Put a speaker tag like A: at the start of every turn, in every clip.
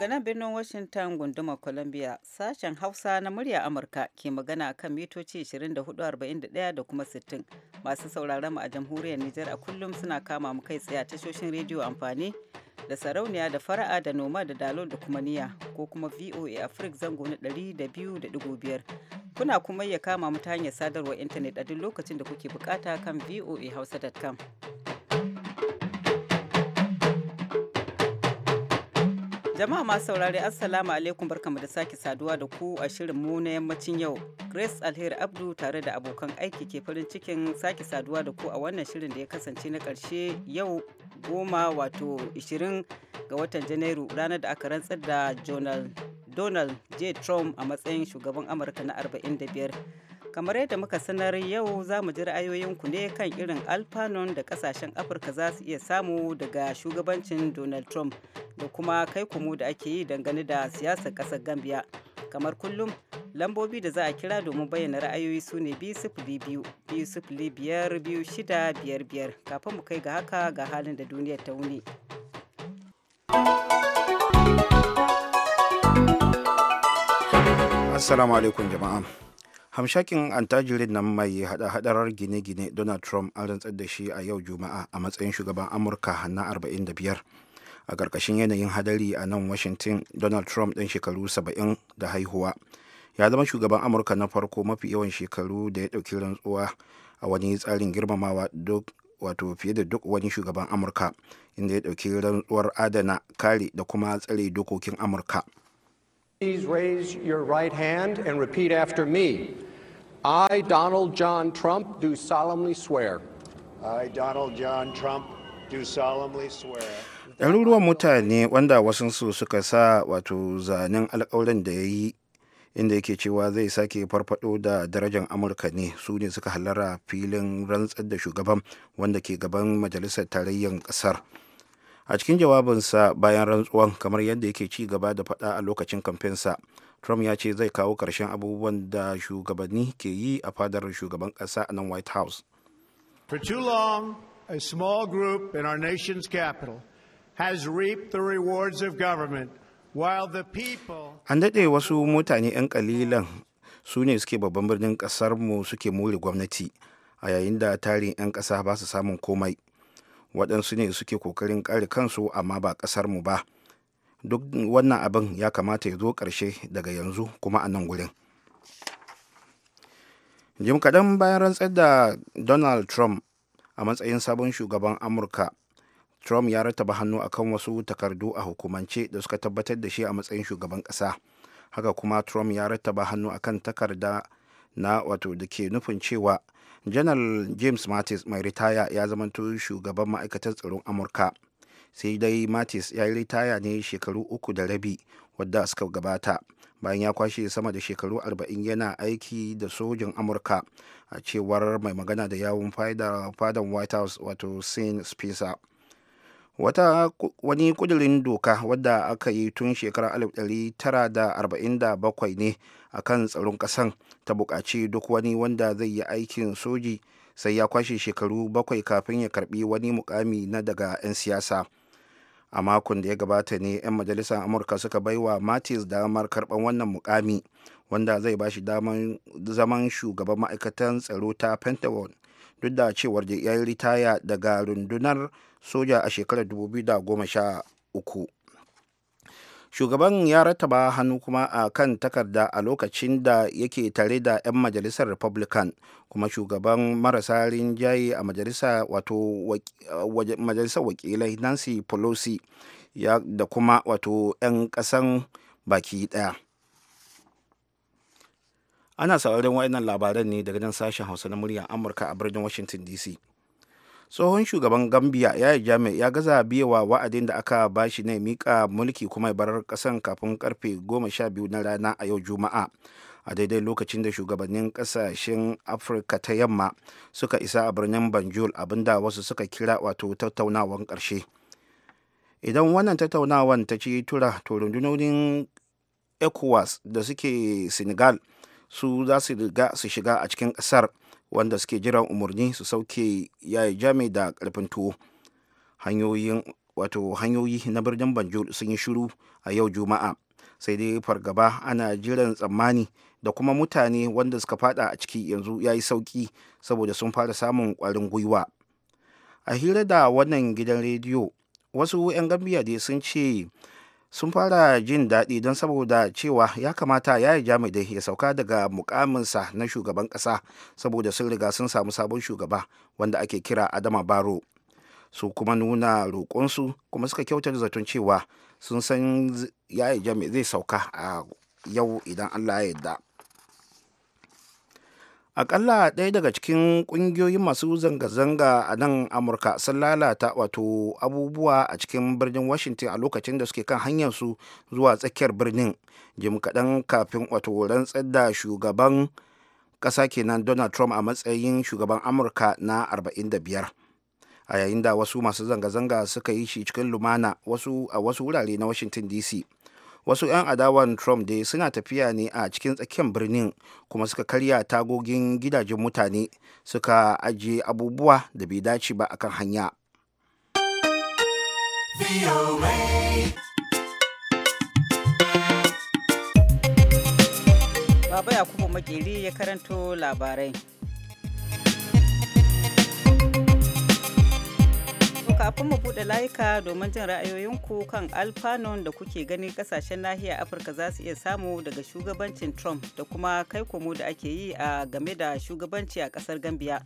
A: Daga nan birnin Washington gundumar Columbia, sashen Hausa na murya Amurka ke magana kan mitoci 24,41 da kuma 60. Masu sauraron mu a jamhuriyar Nijar a kullum suna kama mu kai tsaye a tashoshin rediyo amfani da sarauniya da fara'a da noma da dalol da kuma niya ko kuma VOA Africa zango na 200.5. Kuna kuma iya kama mu ta hanyar sadarwar intanet a duk lokacin da kuke bukata kan voahausa.com. Jama'a masu saurare Assalamu alaikum barkamu da sake saduwa da ku a shirin mu na yammacin yau. Grace Alheri Abdu tare da abokan aiki ke farin cikin sake saduwa da ku a wannan shirin da ya kasance na karshe yau goma wato 20 ga watan Janairu ranar da aka rantsar da Jonal donald j trump a matsayin shugaban amurka na 45 kamar yadda muka sanar yau za mu ji ra'ayoyinku ne kan irin alfanon da kasashen afirka za su iya samu daga shugabancin donald trump da kuma kai kumu da ake yi dangane da siyasar kasar gambia kamar kullum lambobi da za a kira domin bayyana ra'ayoyi su ne biyar kafin mu kai ga haka ga halin da duniyar ta wuni.
B: assalamu alaikum jama'a hamshakin antajirin nan mai hada-hadarar gine-gine donald trump an rantsar da shi a yau juma'a a matsayin shugaban amurka na 45 a ƙarƙashin yanayin hadari a nan washington donald trump ɗan shekaru 70 da haihuwa ya zama shugaban amurka na farko mafi yawan shekaru da ya ɗauki rantsuwa a wani tsarin girmamawa duk wato fiye da duk wani shugaban amurka inda ya ɗauki rantsuwar adana kare da kuma tsare dokokin amurka
C: Please raise your
B: right hand and repeat after me. I, Donald John Trump, do solemnly swear. I, Donald John Trump, do solemnly swear. Ɗaruruwan mutane wanda wasansu suka sa wato zanen alkawarin da ya yi inda yake cewa zai sake farfado da darajar amurka ne su ne suka halara filin rantsar da shugaban wanda ke gaban majalisar tarayyar ƙasar. a cikin jawabinsa bayan rantsuwan kamar yadda yake ci gaba da faɗa a lokacin kamfensa trump ya ce zai kawo karshen abubuwan da shugabanni ke yi a fadar shugaban ƙasa a nan white house for too long a small group in our nation's capital has reaped the rewards of government while the people an daɗe wasu mutane 'yan kalilan su ne suke babban birnin mu suke mure gwamnati a yayin da tarin 'yan ƙasa ba su samun komai waɗansu ne suke kokarin kare kansu amma ba ƙasar mu ba duk wannan abin ya kamata ya zo ƙarshe daga yanzu kuma a nan gurin jim kaɗan bayan rantsar da donald trump a matsayin sabon shugaban amurka trump ya rataba hannu akan wasu takardu a hukumance da suka tabbatar da shi a matsayin shugaban ƙasa haka kuma trump ya rataba hannu akan takarda na wato da ke nufin cewa janar james mattis mai ritaya ya zamanto shugaban ma'aikatar tsaron amurka sai dai mattis ya yi ritaya ne shekaru uku da rabi wadda suka gabata bayan ya kwashe sama da shekaru arba'in yana aiki da sojin amurka a cewar mai magana da yawun fadan white house wato sin spisa wata wani kudirin doka wadda aka yi tun shekarar 1947 ne a kan tsaron kasan ta buƙaci duk wani wanda zai yi aikin soji sai ya kwashe shekaru bakwai kafin ya karbi wani mukami na daga 'yan siyasa a makon da ya gabata ne 'yan majalisar amurka suka baiwa matis damar karban wannan mukami wanda zai ba shi zaman shugaban ma'aikatan tsaro ta pentagon duk da cewar da ya yi ritaya daga rundunar soja a shekarar 2013 shugaban ya rataba hannu kuma a kan takarda a lokacin da yake tare da 'yan majalisar republican kuma shugaban marasa rinjaye a majalisa wato majalisar wakilai nancy pelosi ya da kuma wato 'yan kasan baki daya ana sauraron waɗannan labaran ne daga nan sashen hausa na muryar amurka a birnin washington dc tsohon shugaban gambia yaya jami ya gaza wa wa'adin da aka bashi ne mika mulki kuma barar kasan kafin karfe 12 na rana a yau juma'a a daidai lokacin da shugabannin kasashen afirka ta yamma suka isa a birnin banjul abinda wasu suka kira wato tattaunawan ƙarshe idan wannan tattaunawan ta ci tura to rundunonin ecowas da suke senegal su za su su shiga a cikin ƙasar wanda suke jiran umarni su sauke yayi jami da karfin tuwo hanyoyin wato hanyoyi na birnin banjul sun yi shiru a yau juma'a sai dai fargaba ana jiran tsammani da kuma mutane wanda suka fada a ciki yanzu ya yi sauki saboda sun fara samun kwarin gwiwa a hira da wannan gidan rediyo wasu 'yan gambiya dai sun ce sun fara jin daɗi don saboda cewa ya kamata ya yi jami'ai ya sauka daga mukaminsa na shugaban ƙasa saboda sun riga sun samu sabon shugaba wanda ake kira adama baro su kuma nuna roƙonsu kuma suka kyautar zaton cewa sun san ya yi jami'ai zai sauka a yau idan allah ya yarda akalla ɗaya daga cikin ƙungiyoyin masu zanga-zanga a nan amurka sun lalata wato abubuwa a cikin birnin washington a lokacin da suke kan hanyarsu zuwa tsakiyar birnin jim kaɗan kafin wato rantsar da shugaban ƙasa kenan donald trump a matsayin shugaban amurka na 45 a yayin da wasu masu zanga-zanga suka yi shi cikin lumana a wasu wurare na washington dc wasu 'yan adawan trump dai suna tafiya ne a cikin tsakiyar birnin kuma suka karya tagogin gidajen mutane suka ajiye abubuwa da bai dace ba akan hanya
A: Baba Yakubu Makeri ya karanto labarai. ku kafin mu bude layuka domin jin ra'ayoyinku kan alfanon da kuke ganin kasashen nahiyar Afirka za su iya samu daga shugabancin Trump da kuma kai komo da ake yi a game da shugabanci a kasar Gambia.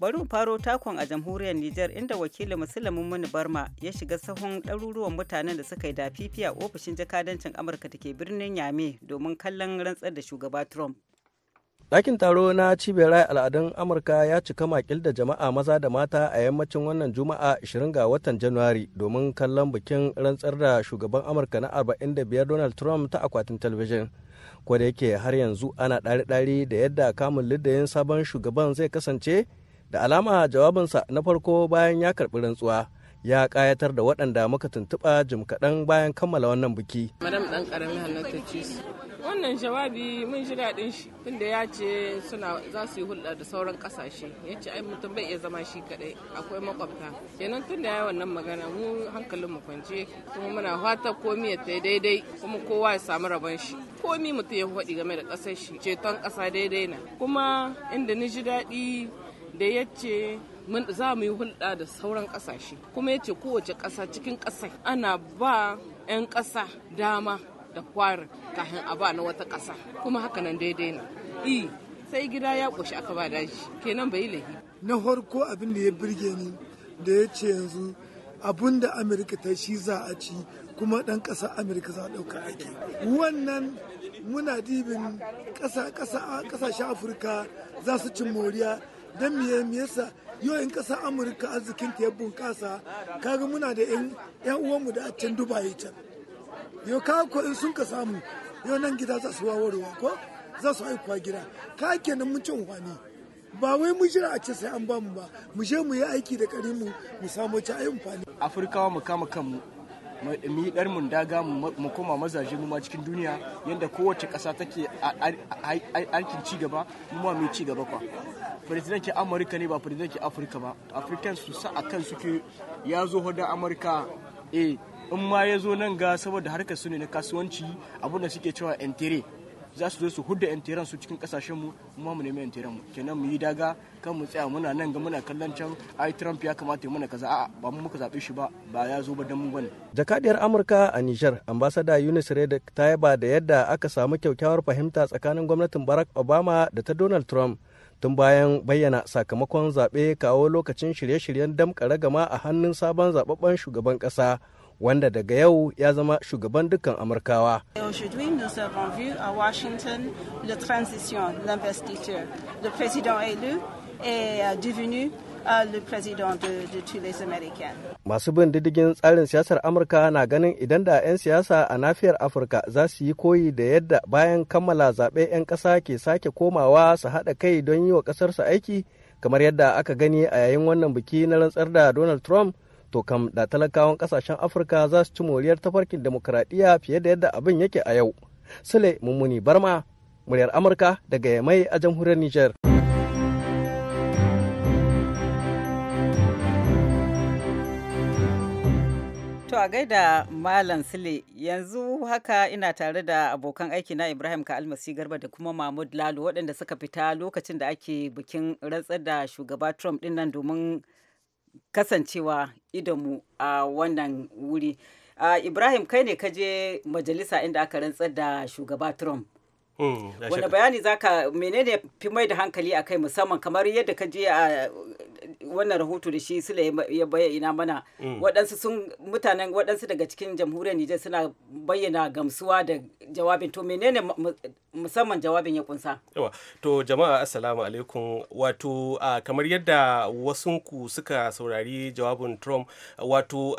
A: Bari mu faro takon a jamhuriyar Niger inda wakili musulmin mini Barma ya shiga sahun ɗaruruwan mutanen da suka yi dafifi a ofishin jakadancin Amurka da ke birnin Yame domin kallon rantsar da shugaba Trump.
D: dakin taro na cibiyar al'adun Amurka ya cika makil da jama'a maza da mata a yammacin wannan Juma'a 20 ga watan Januari domin kallon bikin rantsar da shugaban Amurka na 45 Donald Trump ta akwatin talabijin. Ko yake har yanzu ana ɗari-ɗari da yadda kamun liddayin sabon shugaban zai kasance da alama jawabinsa na farko bayan ya karɓi rantsuwa. ya kayatar da waɗanda muka tuntuɓa jim kaɗan bayan kammala wannan biki.
E: Madam ɗan ƙaramin ci su. Wannan jawabi mun ji daɗin shi tunda ya ce suna za su yi hulɗa da sauran ƙasashe ya ce ai mutum bai iya zama shi kaɗai akwai makwabta kenan tunda ya wannan magana mu hankalin mu kwance kuma muna fatan komi ya ta daidai kuma kowa ya samu rabon shi komi mutum ya faɗi game da ƙasar shi ceton ƙasa daidai na kuma inda ni ji daɗi da ya za mu yi hulɗa da sauran ƙasashe kuma yace kowace ƙasa cikin ƙasai ana ba 'yan ƙasa dama da kwari kafin a ba na wata ƙasa kuma haka nan daidai ne i sai gida ya ƙoshi aka ba da shi kenan bai lahi
B: na farko abin da ya birge ni da ya ce yanzu abun da amurka ta shi za a ci kuma ɗan ƙasa amurka za a ɗauka aiki wannan muna dibin ƙasashen afirka za su cin moriya don miye miyasa yau in kasa amurka arzikin ta ya bunkasa kaga muna da yan uwanmu da a can dubaye can yau ka ko in sun ka samu yau nan gida za su wawarwa ko za su aikuwa gida ka kenan mun cin wani ba wai mu jira a ce sai an bamu ba mu je mu yi aiki da kare mu mu samu ci ayi amfani
D: afirkawa mu kama kanmu mu yi dar mun daga mu koma mazaje mu ma cikin duniya yanda kowace kasa take aikin ci gaba mu ma mu ci gaba kwa firizidanci amurka ne ba firizidanci afirka ba afirka su sa a kan suke ya zo hudun amurka e in ma ya zo nan ga saboda harka su ne na kasuwanci abin da suke cewa entere za su zo su hudu yan su cikin kasashenmu mu kuma mu nemi yan mu kenan mu yi daga kan mu tsaya muna nan ga muna kallon can ai Trump ya kamata ya mana kaza a'a ba mu muka zabe shi ba ba ya zo ba dan mu bane jakadiyar Amurka a Niger ambassador Yunus reid ta yaba da yadda aka samu kyakkyawar fahimta tsakanin gwamnatin Barack Obama da ta Donald Trump tun bayan bayyana sakamakon zaɓe kawo lokacin shirye-shiryen damƙa ragama a hannun sabon zababben shugaban ƙasa wanda daga yau ya zama shugaban dukkan amurkawa.
A: Washington, euh, devenu le président de, de tous les Américains.
D: Masu bin diddigin tsarin siyasar Amurka na ganin idan da 'yan siyasa a nafiyar Afirka za su yi koyi da yadda bayan kammala zaɓe 'yan ƙasa ke sake komawa su haɗa kai don yi wa ƙasarsu aiki kamar yadda aka gani a yayin wannan biki na rantsar da Donald Trump to kam da talakawan ƙasashen Afirka za su ci moriyar tafarkin demokuraɗiyya fiye da yadda abin yake a yau. Sule Mummuni Barma, muryar Amurka daga Yamai a jamhuriyar Nijar.
A: a gaida Malam Sule yanzu haka ina tare da abokan aiki na Ibrahim ka almasi garba da kuma Mahmud Lalo waɗanda suka fita lokacin da ake bikin rantsar da shugaba Trump ɗin nan domin kasancewa idonmu a wannan wuri. Ibrahim kai ne ka je majalisa inda aka rantsar da shugaba Trump.
C: Hmm, wani
A: bayani zaka menene fi mai da hankali a kai musamman kamar yadda ka je a wannan rahoto da shi sula ya bayyana mana mm. waɗansu sun mutanen waɗansu daga cikin jamhuriyar nijar suna bayyana gamsuwa da jawabin to menene musamman jawabin ya kunsa
C: yawa to jama'a assalamu alaikum wato kamar yadda wasu ku suka saurari jawabin trump wato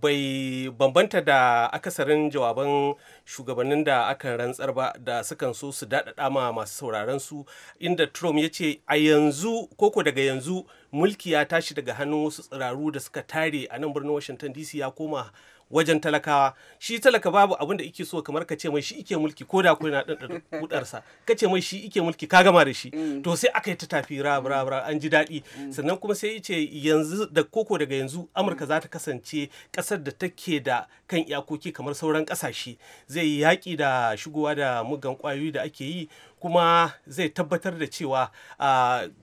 C: bai bambanta da akasarin jawaban shugabannin da aka rantsar ba da sukan so su daɗaɗa ma masu sauraron su inda trump ya ce a yanzu koko daga yanzu mulki ya tashi daga hannun wasu tsiraru da suka tare a nan birnin washington dc ya koma wajen talakawa shi talaka babu abin da ike so kamar ka ce mai shi ike mulki ko da kuna ɗan kudarsa ka ce mai shi ike mulki ka gama da shi mm. to sai aka yi ta tafi rabra an ji daɗi mm. sannan kuma sai ce yanzu da koko daga yanzu amurka za ta kasance ƙasar da take da kan iyakoki kamar sauran ƙasashe zai yi yaƙi da shigowa da mugan kwayoyi da ake yi kuma zai tabbatar da cewa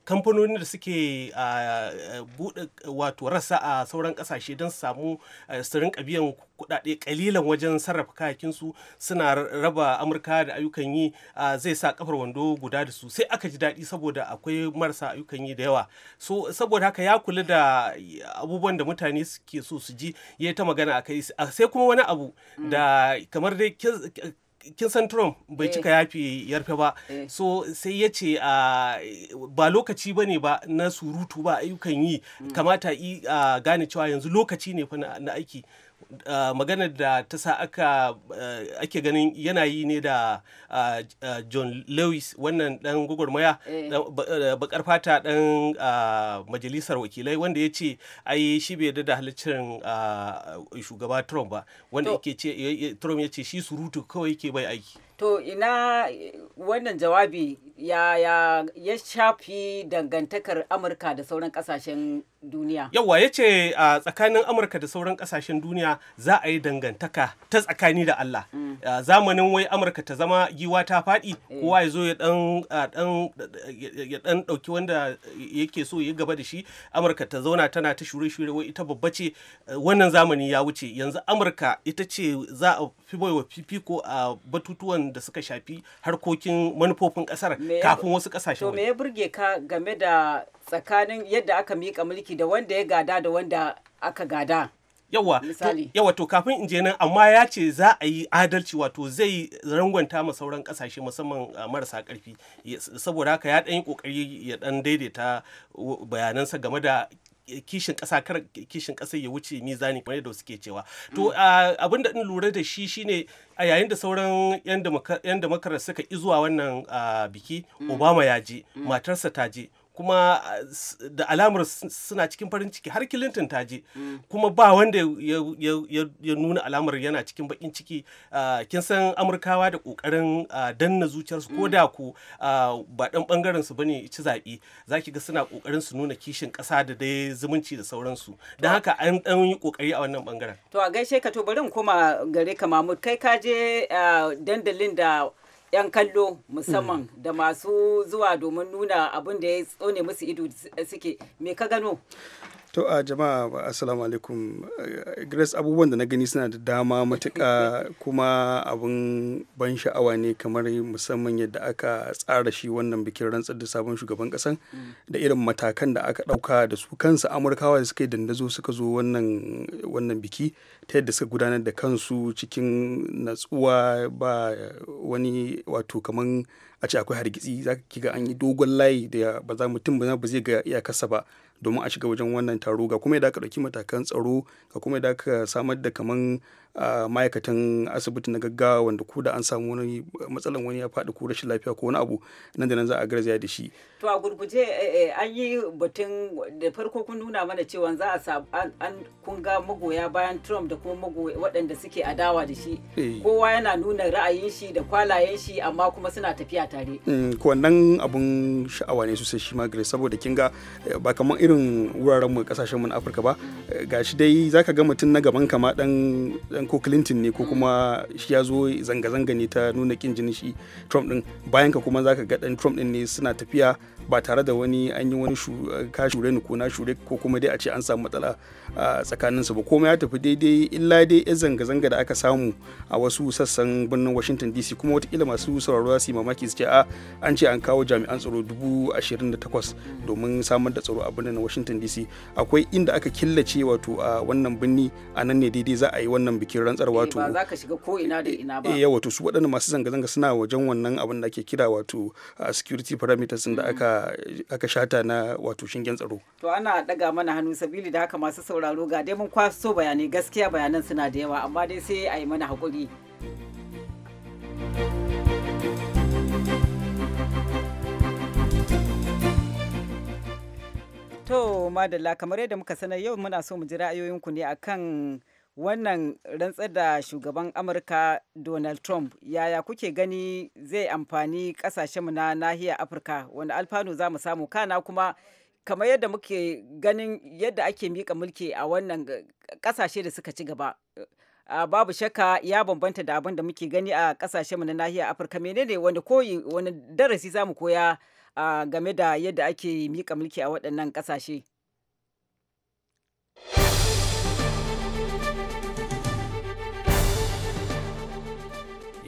C: kamfanonin da suke buɗe wato rasa a sauran kasashe don samu sirrin rinka biyan kuɗaɗe kalilan wajen sarrafa kayakin su suna raba amurka da ayyukan yi zai sa kafar wando guda da su sai aka ji daɗi saboda akwai marasa ayyukan yi da yawa so saboda haka ya kula da abubuwan da mutane suke so su ji ya ta magana a kai sai kuma wani abu mm. da kamar dai kin san Trump bai eh. cika yafi yarfe ba eh. so sai ya ce ah, ba lokaci ba ne ba na surutu ba ayyukan yi mm. kamata a gane cewa yanzu lokaci ne fa na aiki maganar da ta sa aka ake ganin yanayi ne da john lewis wannan dan gwagwarmaya eh. bakar eh, fata dan majalisar wakilai wanda ya ce ai shi bai da halittar shugaba trump ba wanda yake ce trump ya ce shi surutu kawai ke bai aiki
A: to ina wannan jawabi yaya ya shafi dangantakar amurka da sauran kasashen duniya
C: yawa ya ce a tsakanin amurka da sauran kasashen duniya za a yi dangantaka ta tsakani da allah mm. zamanin wai amurka ta zama giwa ta faɗi eh. kowa ya zo ya dan ɗauki wanda yake so ya gaba da shi amurka ta zauna tana ta shure-shure wai ita babba ce wannan zamani ya wuce yanzu amurka ita ce za a fi baiwa fifiko a batutuwan da suka shafi harkokin manufofin ƙasar mm. kafin wasu wani to me ya
A: burge ka game da tsakanin yadda aka miƙa mulki da wanda ya gada da wanda aka gada
C: yawa yawa to kafin in je nan amma ya ce za a yi adalci wato zai rangwanta ma sauran kasashe musamman ah, marasa karfi saboda haka ya dan yi kokari ya dan daidaita uh, bayanansa game da kishin ƙasa kar kishin ƙasa ya wuce mizani kamar yadda suke cewa mm. to abin da in lura da shi shine a yayin da sauran yan damakarar suka izuwa wannan biki mm. obama ya je mm. matarsa ta je kuma eh, da alamar suna cikin farin ciki har clinton ta je mm. kuma ba wanda ya nuna alamar yana cikin bakin ciki ah, kin san amurkawa da kokarin ah, danna zuciyarsu ko mm. da ku ah, ba dan bangaren su bane ci zaɓe zaki ga suna kokarin su nuna kishin kasa da dai zumunci da sauransu don haka an dan yi kokari a wannan bangaren
A: to a gaishe ka to bari koma gare ka mamud kai ka je dandalin da 'yan kallo musamman mm. da masu zuwa domin nuna abin da ya tsone musu ido suke me ka gano
F: to a jama'a assalamu alaikum grace abubuwan da na gani suna da dama matuka kuma abin ban sha'awa ne kamar musamman yadda aka tsara shi wannan bikin rantsar da sabon shugaban kasan da irin matakan da aka ɗauka da su kansu amurkawa da suka yi dandazo suka zo wannan biki ta yadda suka gudanar da kansu cikin natsuwa ba wani wato kamar a ce akwai hargitsi za ki ga an yi dogon layi da ba za mutum ba zai ga iyakarsa ba domin a shiga wajen wannan taro ga kuma yadda aka ɗauki matakan tsaro ga kuma yadda aka samar da kaman ma'aikatan asibiti na gaggawa wanda ko da an samu wani matsalan wani ya faɗi ko rashin lafiya ko wani abu nan da nan za a garzaya da shi
A: to a gurguje eh, eh, an yi batun da farko kun nuna mana cewa za a an kun ga magoya bayan Trump da kuma magoya waɗanda suke adawa da shi eh. kowa yana nuna ra'ayin shi da kwalayen shi amma kuma suna tafiya tare
F: mm, ko wannan abun sha'awa ne sosai shi ma saboda kin ga ba kamar irin wuraren mu kasashen mu na Afirka ba gashi dai zaka ga mutum na gaban kama dan dan ko clinton ne ko kuma shi ya zo zanga-zanga ne ta nuna kin jinin shi trump din bayan ka kuma zaka ga dan trump din ne suna tafiya ba tare da wani an yi wani ka shure ni ko na shure ko kuma dai a ce an samu matsala a tsakanin su ba komai ya tafi daidai illa dai ya zanga-zanga da aka samu a wasu sassan birnin washington dc kuma wata kila masu sauraro su yi mamaki su ce a an ce an kawo jami'an tsaro dubu ashirin da takwas domin samar da tsaro a birnin washington dc akwai inda aka killace wato a wannan birni a nan ne daidai za a yi wannan bikin rantsar eh, wato ba za
A: ka shiga ko ina da ina ba eh, eh
F: wato su waɗannan masu zanga-zanga suna wajen wannan abin da ake kira wato ah, security parameters da aka aka shata na wato shingen tsaro
A: to ana daga mana hannu sabili da haka masu sauraro ga dai mun kwaso bayanai gaskiya bayanan suna da yawa amma dai sai a yi mana hakuri To, Madalla, kamar yadda muka sanar yau muna so mu ji ra'ayoyinku ne akan wannan rantsar da shugaban amurka donald trump yaya kuke gani zai amfani kasashenmu na nahiyar afirka wani alfanu za mu samu kana kuma kamar yadda muke ganin yadda ake miƙa mulki a wannan kasashe da suka ci gaba babu shakka ya bambanta da abin da muke gani a kasashenmu na nahiyar afirka menene wani koyi wani darasi za mu koya game da yadda ake miƙa mulki a waɗannan kasashe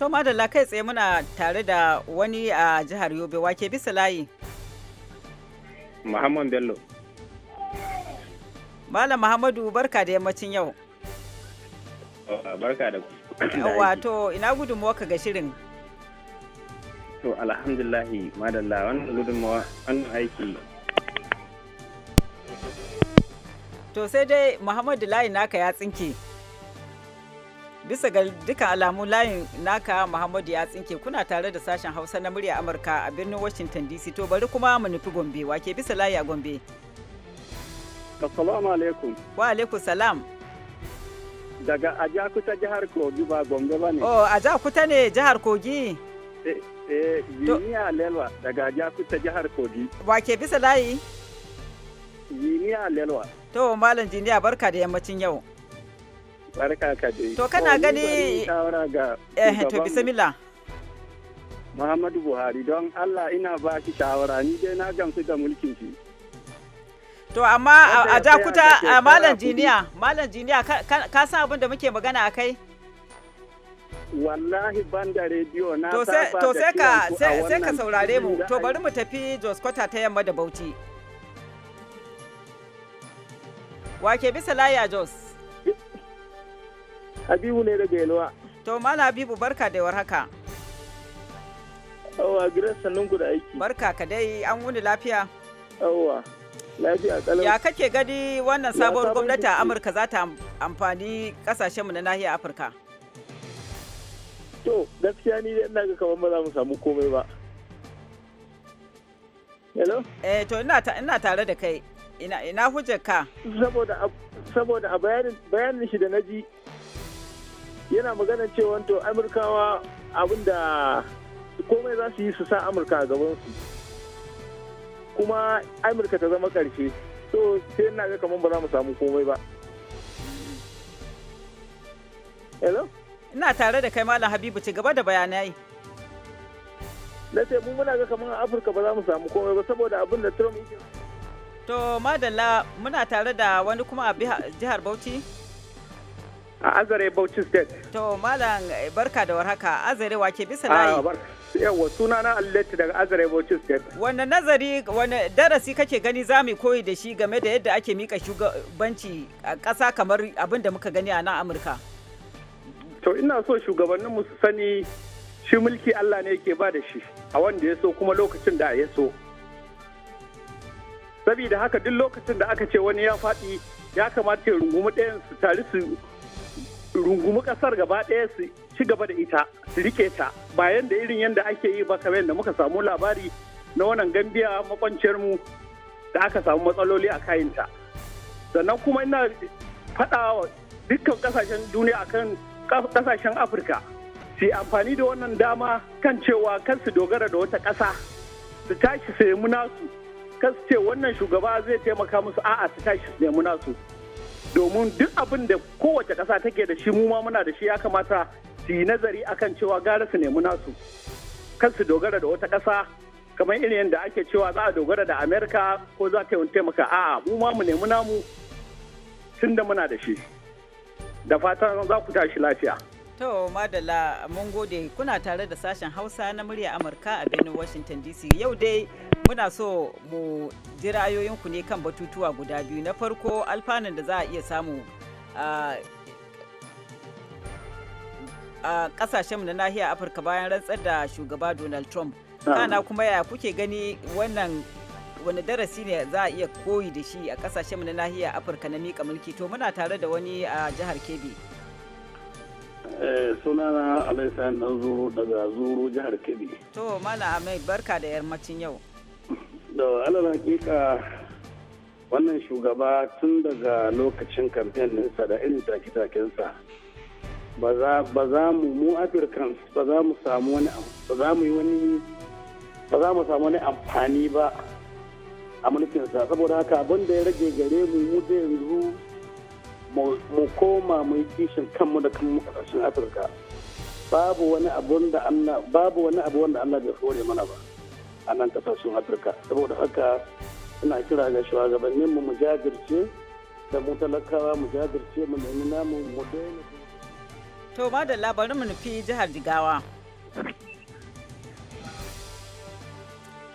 A: To madalla kai tsaye muna tare da wani a jihar Yobe wake bisa layi.
G: Muhammad Bello.
A: Malam Muhammadu barka da yammacin yau. Barka da Wato ina gudunmuwa ka ga shirin.
F: To alhamdulahi madalla wannan gudunmuwa wannan aiki
A: To sai dai Muhammadu layi naka ya tsinke. bisa ga duka alamu layin naka muhammadu ya tsinke kuna tare da sashen hausa na murya amurka a birnin washington dc to bari kuma mu nufi gombe wake bisa layi a gombe assalamu alaikum wa alaikum salam daga ajakuta jihar kogi ba gombe ba ne oh ajakuta ne jihar kogi eh eh yiniya lelwa daga ajakuta jihar kogi wake bisa layi yiniya lelwa to malam jiniya barka da yammacin yau
G: barka ka dai to kana gani
A: eh to bismillah
G: Muhammadu Buhari don Allah ina ba shi shawara ni dai na gamsu da mulkin shi.
A: To amma a jakuta malam jiniya malam jiniya ka san abin da muke magana akai
G: Wallahi ban da rediyo na to sai to sai ka sai ka saurare mu to bari
A: mu tafi Jos Kwata ta yamma da Bauchi. Wake bisa laya Jos? Habibu ne daga Yalwa. To Mala Habibu barka da warhaka. awa gidan sannan ku da aiki. Barka ka dai an wuni lafiya. awa Lafiya kalau. Ya kake gani wannan sabon gwamnati a Amurka za ta amfani kasashen mu na nahiyar Afirka?
G: To gaskiya ni dai ina ga kamar ba za mu samu komai ba.
A: Hello? Eh to ina tare da kai. Ina hujjar ka?
G: Saboda a bayanin shi da na ji yana magana cewa to amurkawa abinda komai za su yi su sa amurka a gabansu kuma amurka ta zama karshe so sai yana ga kamar ba za mu samu komai ba
A: hello ina tare da kai malam habibu ci gaba da bayanai na ce
G: mun muna ga kamar afirka ba za mu samu komai ba saboda abin da trump yake
A: to madalla muna tare da wani kuma a jihar bauchi a azare bauchi state to malam barka da warhaka azare wake bisa layi
G: yawa suna na alleti daga azare bauchi state
A: wanda nazari wani darasi kake gani za mu koyi da shi game da yadda ake mika shugabanci a ƙasa kamar abin da muka gani a nan amurka
G: to ina so shugabanninmu su sani shi mulki allah ne yake ba da shi a wanda ya so kuma lokacin da ya so saboda haka duk lokacin da aka ce wani ya faɗi ya kamata ya rungumi ɗayan su tare su rungumi kasar gaba ɗaya su ci gaba da ita su rike ta bayan da irin yadda ake yi ba kamar yadda muka samu labari na wannan gambiya makwanciyar mu da aka samu matsaloli a kayanta sannan kuma ina faɗawa wa dukkan kasashen duniya akan kasashen afirka su amfani da wannan dama kan cewa kan su dogara da wata ƙasa su tashi su nemi nasu kan su ce wannan shugaba zai taimaka musu a'a su tashi su nemi nasu domin duk abin da kowace ƙasa take da shi mu ma muna da shi ya kamata su yi nazari akan cewa gara su nemi nasu kan su dogara da wata ƙasa kamar irin yadda ake cewa za a dogara da amerika ko za ta yi taimaka a'a mu ma mu nemi namu tun da muna da shi da fatan za ku tashi lafiya
A: To madala mun gode kuna tare da sashen Hausa na murya Amurka a birnin Washington DC. Yau dai muna so mu ji ra'ayoyinku ne kan batutuwa guda biyu. Na farko alfanun da za a iya samu a kasashenmu na nahiyar Afirka bayan rantsar da shugaba Donald Trump. Kana kuma ya kuke gani wannan wani darasi ne za a iya koyi da shi a kasashenmu na nahiyar Afirka na mika mulki to muna tare da wani a jihar Kebbi.
G: Eh, sunana alaisa na zuru daga zuru jihar kebbi
A: to mala amai barka da yammacin yau
G: da alal hakika wannan shugaba tun daga lokacin kamfen ɗinsa da irin take ba za mu mu africans ba za mu samu wani ba za mu yi wani ba za mu samu wani amfani ba a mulkinsa saboda haka abin da ya rage gare mu mu da yanzu mu koma mu yi kishin kanmu da kanmu kasashen afirka babu wani abu da allah babu wani abu wanda allah bai hore mana ba a nan kasashen afirka saboda haka ina kira ga shugabannin mu jajirce da mu talakawa mu jajirce mu nemi namu mu daina
A: to ba da labarin mu nufi jihar jigawa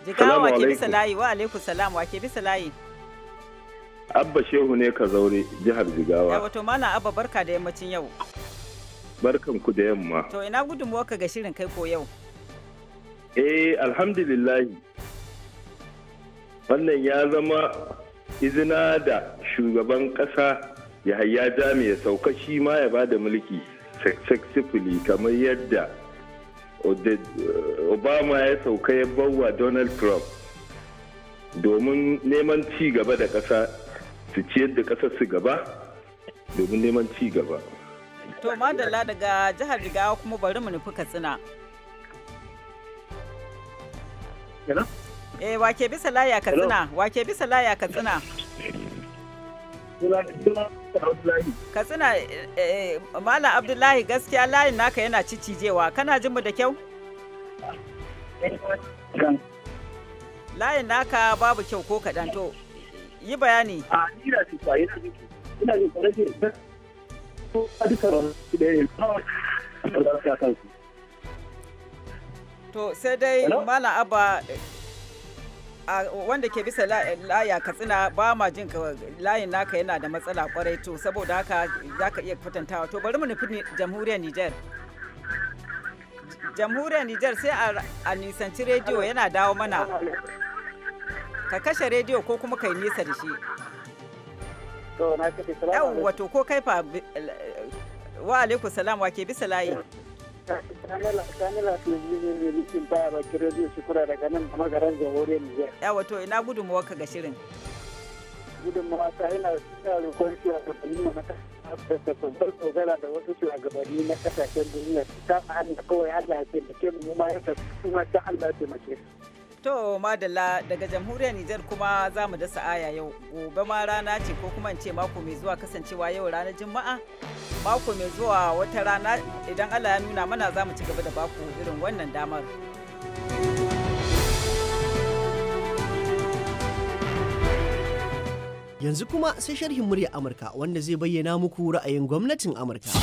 A: jigawa ke bisa layi wa alaikum salam wa ke bisa layi
G: Abba Shehu ne ka zaure jihar Jigawa. Ya
A: wato Malam Abba barka da yammacin yau.
G: Barkan ku da yamma.
A: To ina ka ga shirin kai ko yau?
G: Eh alhamdulillahi. Wannan ya zama izina da shugaban ƙasa Yahaya Jami ya sauka shi ma ya ba da mulki successfully kamar yadda Obama ya sauka ya bawa Donald Trump. domin neman ci gaba da ƙasa su ciyar da ƙasar su gaba domin neman ci gaba.
A: To madalla daga jihar Jigawa kuma bari mu nufi Katsina. Eh wake bisa laya Katsina, wake bisa laya Katsina. Katsina eh, eh, Malam Abdullahi gaskiya layin naka yana cicijewa kana jin mu da kyau? Eh, layin naka babu kyau ko kaɗan to Yi bayani. A ni da su kwa yana jin ina jin kwa rashin
G: ko a duka ba su da yin kawai za su kansu.
A: To sai dai Malam Abba wanda ke bisa laya katsina ba ma jin ka layin naka yana da matsala kwarai to saboda haka za ka iya kwatantawa to bari mu nufi jamhuriyar Nijar. Jamhuriyar Nijar sai a nisanci rediyo yana dawo mana. ka kashe rediyo ko kuma kai nisa da shi yawon wato ko kai fa eh, wa alaikum salam wa ke bisa layi ya wato ina gudunmawa ka ga shirin gudunmawa ta yana roƙon shi a gabanin mata da babbar dogara da wasu shugabanni na
G: kasashen duniya ta hanyar kawai Allah ya taimake mu ma ya tafi kuma ta Allah ya taimake su
A: To madala daga jamhuriyar Nijar kuma za mu dasa aya yau gobe ma rana ce ko kuma ce mako mai zuwa kasancewa yau ranar Juma'a mako mai zuwa wata rana idan Allah ya nuna mana za mu ci gaba da baku irin wannan damar.
H: Yanzu kuma sai sharhin murya Amurka wanda zai bayyana muku ra'ayin gwamnatin Amurka.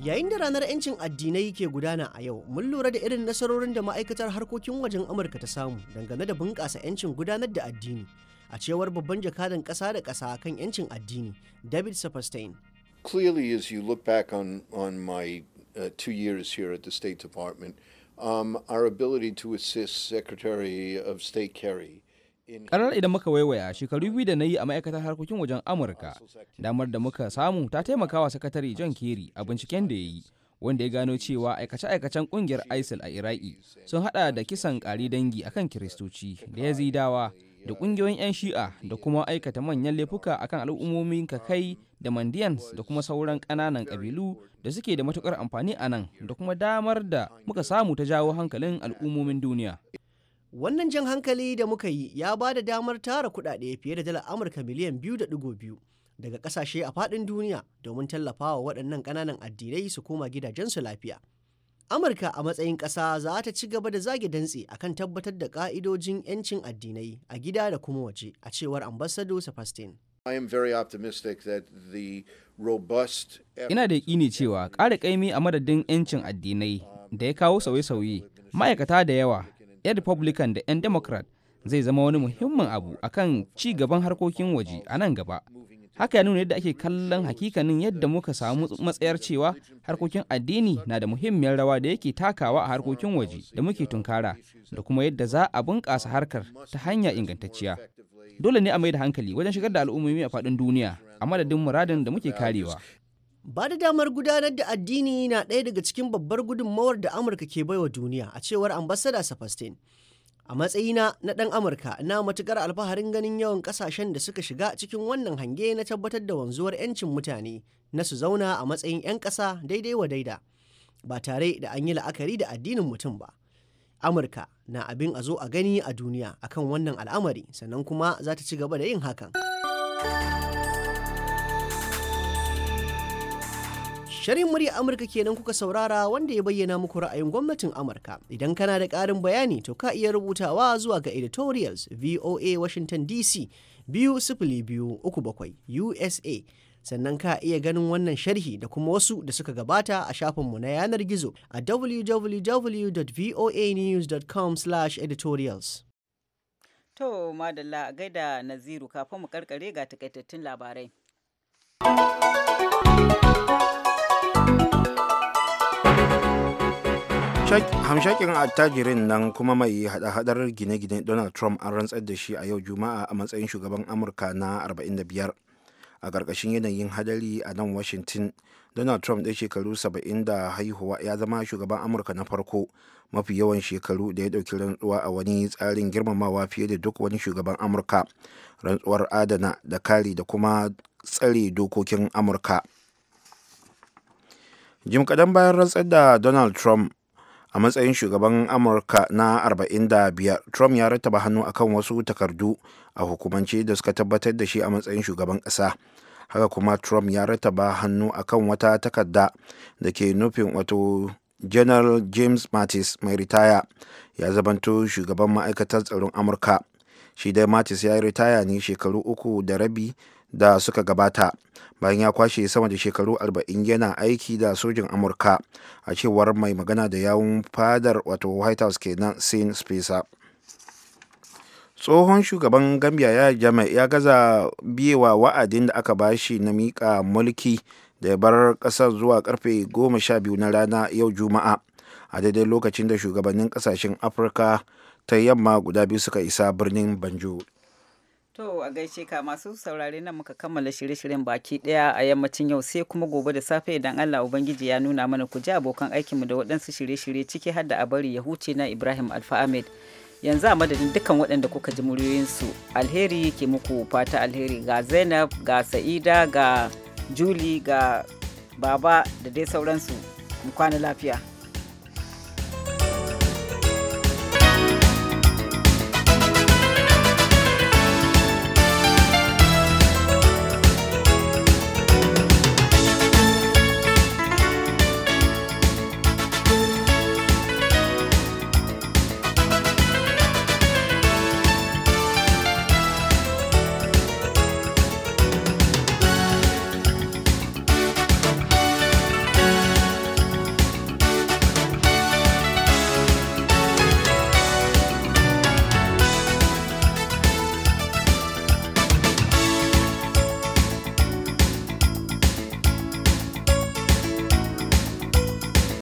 H: Yayin da ranar 'yancin addinai ke gudana a yau, mun lura da irin nasarorin da ma'aikatar harkokin wajen Amurka ta samu dangane da bunƙasa 'yancin gudanar da addini, a cewar babban jakadan ƙasa da ƙasa kan 'yancin addini, David Saperstein.
B: Clearly, as you look back on, on my uh, two years here at the State Department, um, our ability to assist Secretary of State Kerry.
E: Karar idan muka waiwaya shekaru biyu da na yi a ma'aikatar harkokin wajen Amurka, damar da muka samu ta taimakawa sakatare John Kerry a binciken da ya yi, wanda ya gano cewa aikace-aikacen kungiyar ISIL a Iraki sun hada da kisan kari dangi akan Kiristoci da ya Yazidawa da kungiyoyin 'yan Shi'a da kuma aikata manyan laifuka akan al'ummomin Kakai da Mandiyans da kuma sauran ƙananan ƙabilu da suke da matukar amfani a nan
H: da kuma damar da muka samu ta jawo hankalin al'ummomin duniya. Wannan jan hankali da muka yi ya ba da damar tara kuɗaɗe fiye da dalar Amurka miliyan biyu da ɗigo biyu daga ƙasashe a faɗin duniya domin tallafawa waɗannan ƙananan addinai su koma gidajensu lafiya. Amurka a matsayin ƙasa za ta ci gaba da zage dantse a kan tabbatar da ƙa'idojin 'yancin addinai a gida da kuma waje a cewar ambassador Sefastin.
B: I am very optimistic that the robust Ina da
H: yaƙini cewa ƙara ƙaimi a madadin 'yancin
E: addinai da ya kawo sauye-sauye ma'aikata da yawa 'yan republican da 'yan democrat zai zama wani muhimmin abu akan ci gaban harkokin waje a nan gaba haka ya nuna yadda ake kallon hakikanin yadda muka samu matsayar cewa harkokin addini na da muhimmiyar rawa da yake takawa a harkokin waje da muke tunkara da kuma yadda za a bunƙasa harkar ta hanya ingantacciya dole ne a mai da hankali wajen shigar da al'ummomi a faɗin duniya
H: a madadin muradin
E: da muke karewa
H: Ba da damar gudanar da addini na ɗaya daga cikin babbar gudunmawar da Amurka ke baiwa duniya, a cewar ambasada Safastin. A matsayina na ɗan Amurka, na matuƙar alfaharin ganin yawan ƙasashen da suka shiga cikin wannan hange na tabbatar da wanzuwar 'yancin mutane na su zauna a matsayin 'yan ƙasa daidai wa daida, ba tare da an yi la'akari da addinin mutum ba. Amurka na abin a zo a gani a duniya akan wannan al'amari, sannan kuma za ta ci gaba da yin hakan. Shirin murya Amurka kenan kuka saurara wanda ya bayyana muku ra'ayin gwamnatin Amurka. Idan kana da ƙarin bayani to ka iya rubutawa zuwa ga editorials VOA Washington DC biyu sifili biyu uku bakwai USA. Sannan ka iya ganin wannan sharhi da kuma wasu da suka gabata a shafinmu na yanar gizo a www.voanews.com/editorials.
A: To, Madalla, gaida Naziru kafin mu karkare ga takaitattun labarai.
B: hamshakin attajirin nan kuma mai hada-hadar gine-gine donald trump an rantsar da shi a yau juma'a a matsayin shugaban amurka na 45 a ƙarƙashin yanayin hadari a nan washington donald trump ɗan shekaru 70 da haihuwa ya zama shugaban amurka na farko mafi yawan shekaru da ya ɗauki rantsuwa a wani tsarin girmamawa fiye da duk wani shugaban amurka rantsuwar adana da kari da kuma tsare dokokin amurka jim kadan bayan rantsar da donald trump a matsayin shugaban amurka na 45 trump ya rattaba hannu akan wasu takardu a hukumance da suka tabbatar da shi a matsayin shugaban ƙasa haka kuma trump ya rattaba hannu akan wata takarda da ke nufin wato general james mattis mai ritaya ya zabanto shugaban ma'aikatar tsaron amurka shi dai mattis ya yi ritaya ne shekaru uku da rabi da suka gabata bayan ya kwashe sama da shekaru 40 yana aiki da sojin amurka a cewar mai magana da yawun fadar wato white house kenan sin spacer tsohon shugaban gambia ya jama ya gaza biyewa wa'adin da aka bashi na miƙa mulki da ya bar ƙasar zuwa karfe 12 na rana yau juma'a a daidai lokacin da shugabannin kasashen afirka ta yamma guda biyu suka isa birnin banjo
A: To a gaishe ka masu saurare nan muka kammala shirye-shiryen baki daya a yammacin yau sai kuma gobe da safe idan Allah Ubangiji ya nuna mana ku ji abokan aikinmu da waɗansu shirye-shirye ciki har da a bari ya huce na Ibrahim Alfa Ahmed. Yanzu a madadin dukkan waɗanda kuka ji muryoyinsu alheri ke muku fata alheri ga Zainab ga Sa'ida ga juli ga Baba da dai sauransu. Mu kwana lafiya.